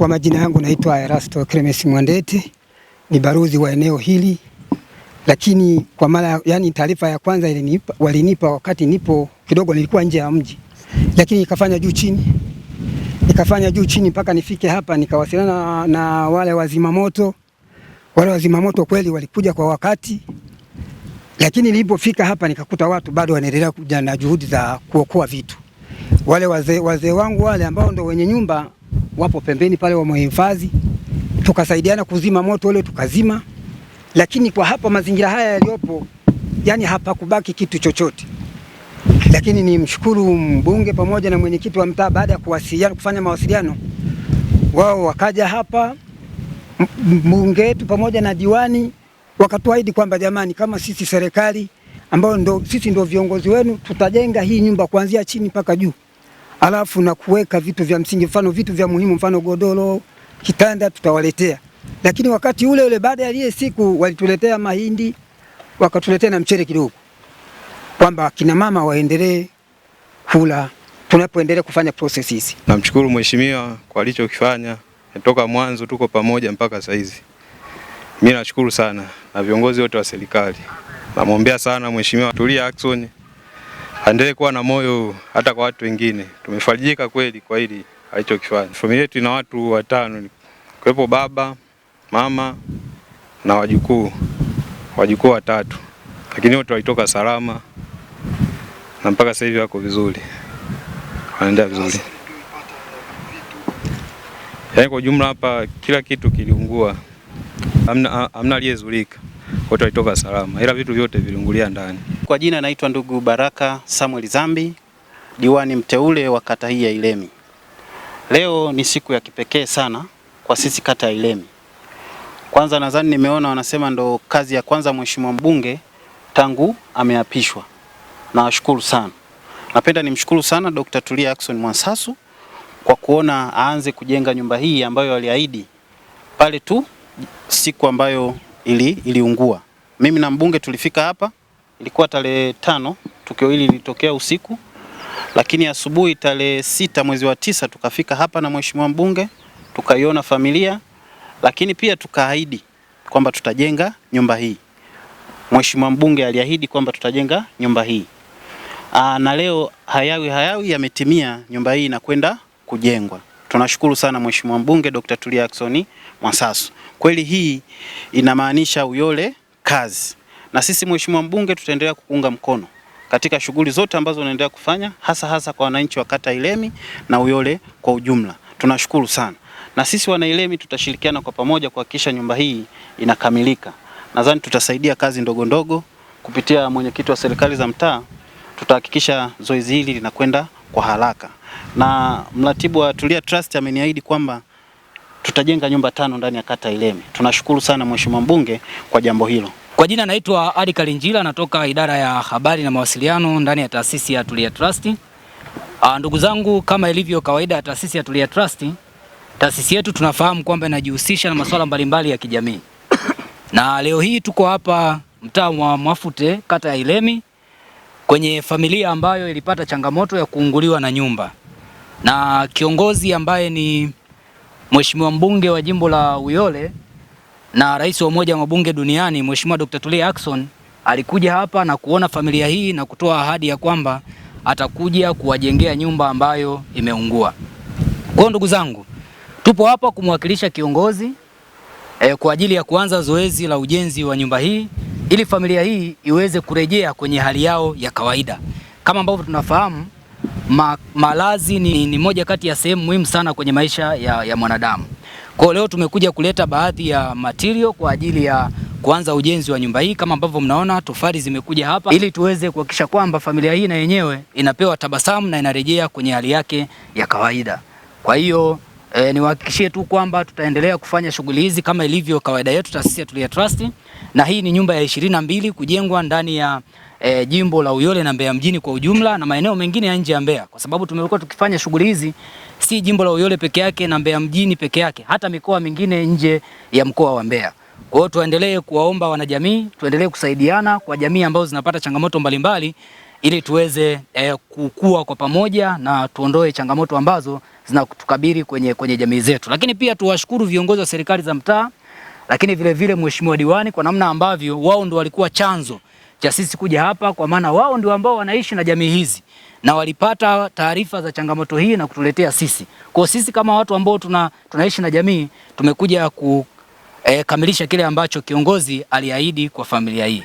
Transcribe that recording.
Kwa majina yangu naitwa Erasto Clemens Mwandete, ni barozi wa eneo hili, lakini kwa mara yani, taarifa ya kwanza ilinipa, walinipa wakati nipo kidogo, nilikuwa nje ya mji, lakini nikafanya juu chini, nikafanya juu chini mpaka nifike hapa, nikawasiliana na wale wazimamoto. Wale wazimamoto kweli walikuja kwa wakati, lakini nilipofika hapa nikakuta watu bado wanaendelea kuja na juhudi za kuokoa vitu. Wale wazee wazee wangu wale ambao ndo wenye nyumba wapo pembeni pale wamehifadhi, tukasaidiana kuzima moto ule tukazima. Lakini kwa hapa mazingira haya yaliyopo, yani hapakubaki kitu chochote. Lakini mshukuru mbunge pamoja na mwenyekiti wa mtaa, baada ya kuwasiliana kufanya mawasiliano, wao wakaja hapa, mbunge wetu pamoja na diwani wakatuahidi kwamba jamani, kama sisi serikali ambayo ndo, sisi ndo viongozi wenu, tutajenga hii nyumba kuanzia chini mpaka juu alafu na kuweka vitu vya msingi, mfano vitu vya muhimu, mfano godoro, kitanda tutawaletea. Lakini wakati ule ule baada ya ile siku walituletea mahindi, wakatuletea na mchele kidogo, kwamba kina mama waendelee kula tunapoendelea kufanya process hizi. Namshukuru mheshimiwa kwa alichokifanya toka mwanzo, tuko pamoja mpaka sasa hizi. Mimi nashukuru sana na viongozi wote wa serikali, namwombea sana mheshimiwa Tulia Ackson aendelee kuwa na moyo hata kwa watu wengine. Tumefarijika kweli kwa hili alichokifanya. Familia yetu ina watu watano, kuwepo baba, mama na wajukuu, wajukuu watatu, lakini wote walitoka salama na mpaka sasa hivi wako vizuri, wanaendelea vizuri. Yaani kwa ujumla hapa kila kitu kiliungua, hamna aliyezulika, wote walitoka salama, ila vitu vyote viliungulia ndani kwa jina naitwa ndugu Baraka Samuel Zambi, diwani mteule wa kata hii ya Ilemi. Leo ni siku ya kipekee sana kwa sisi kata ya Ilemi. Kwanza nadhani nimeona wanasema ndo kazi ya kwanza mheshimiwa mbunge tangu ameapishwa. Nawashukuru sana. Napenda nimshukuru sana Dr. Tulia Ackson Mwansasu kwa kuona aanze kujenga nyumba hii ambayo aliahidi pale tu siku ambayo ili, iliungua. Mimi na mbunge tulifika hapa ilikuwa tarehe tano. Tukio hili lilitokea usiku, lakini asubuhi tarehe sita mwezi wa tisa tukafika hapa na mheshimiwa mbunge tukaiona familia, lakini pia tukaahidi kwamba tutajenga nyumba hii. Mheshimiwa mbunge aliahidi kwamba tutajenga nyumba hii. Aa, na leo hayawi hayawi yametimia, nyumba hii inakwenda kujengwa. Tunashukuru sana Mheshimiwa mbunge Dr. Tulia Ackson Mwasasu. Kweli hii inamaanisha Uyole kazi na sisi Mheshimiwa Mbunge tutaendelea kuunga mkono katika shughuli zote ambazo unaendelea kufanya hasa hasa kwa wananchi wa kata Ilemi na Uyole kwa ujumla. Tunashukuru sana, na sisi wana Ilemi tutashirikiana kwa pamoja kuhakikisha nyumba hii inakamilika. Nadhani tutasaidia kazi ndogo ndogo kupitia mwenyekiti wa serikali za mtaa, tutahakikisha zoezi hili linakwenda kwa haraka, na mratibu wa Tulia Trust ameniahidi kwamba tutajenga nyumba tano ndani ya kata Ilemi. Tunashukuru sana Mheshimiwa Mbunge kwa jambo hilo. Kwa jina naitwa Adi Kalinjila, natoka idara ya habari na mawasiliano ndani ya taasisi ya Tulia Trust. Ah, ndugu zangu, kama ilivyo kawaida ya taasisi ya Tulia Trust, taasisi yetu tunafahamu kwamba inajihusisha na masuala mbalimbali ya kijamii, na leo hii tuko hapa mtaa wa Mwafute, kata ya Ilemi, kwenye familia ambayo ilipata changamoto ya kuunguliwa na nyumba, na kiongozi ambaye ni Mheshimiwa mbunge wa jimbo la Uyole na rais wa umoja wa mabunge duniani Mheshimiwa Dr. Tulia Ackson alikuja hapa na kuona familia hii na kutoa ahadi ya kwamba atakuja kuwajengea nyumba ambayo imeungua. Kwa ndugu zangu, tupo hapa kumwakilisha kiongozi eh, kwa ajili ya kuanza zoezi la ujenzi wa nyumba hii ili familia hii iweze kurejea kwenye hali yao ya kawaida. Kama ambavyo tunafahamu ma, malazi ni, ni moja kati ya sehemu muhimu sana kwenye maisha ya, ya mwanadamu. Kwa leo tumekuja kuleta baadhi ya material kwa ajili ya kuanza ujenzi wa nyumba hii. Kama ambavyo mnaona tofali zimekuja hapa, ili tuweze kuhakikisha kwamba familia hii na yenyewe inapewa tabasamu na inarejea kwenye hali yake ya kawaida. Kwa hiyo E, niwahakikishie tu kwamba tutaendelea kufanya shughuli hizi kama ilivyo kawaida yetu taasisi ya Tulia Trust, na hii ni nyumba ya ishirini na mbili kujengwa ndani ya e, jimbo la Uyole na Mbeya mjini kwa ujumla na maeneo mengine ya nje ya Mbeya, kwa sababu tumekuwa tukifanya shughuli hizi si jimbo la Uyole peke yake na Mbeya mjini peke yake, hata mikoa mingine nje ya mkoa wa Mbeya. Kwa hiyo tuendelee kuwaomba wanajamii, tuendelee kusaidiana kwa jamii ambazo zinapata changamoto mbalimbali ili tuweze e, kukua kwa pamoja na tuondoe changamoto ambazo zinatukabili kwenye, kwenye jamii zetu. Lakini pia tuwashukuru viongozi wa serikali za mtaa, lakini vilevile mheshimiwa diwani kwa namna ambavyo wao ndio walikuwa chanzo cha sisi kuja hapa, kwa maana wao ndio ambao wanaishi na jamii hizi na walipata taarifa za changamoto hii na kutuletea sisi. Kwa sisi kama watu ambao tuna, tunaishi na jamii tumekuja eh, kukamilisha e, kile ambacho kiongozi aliahidi kwa familia hii.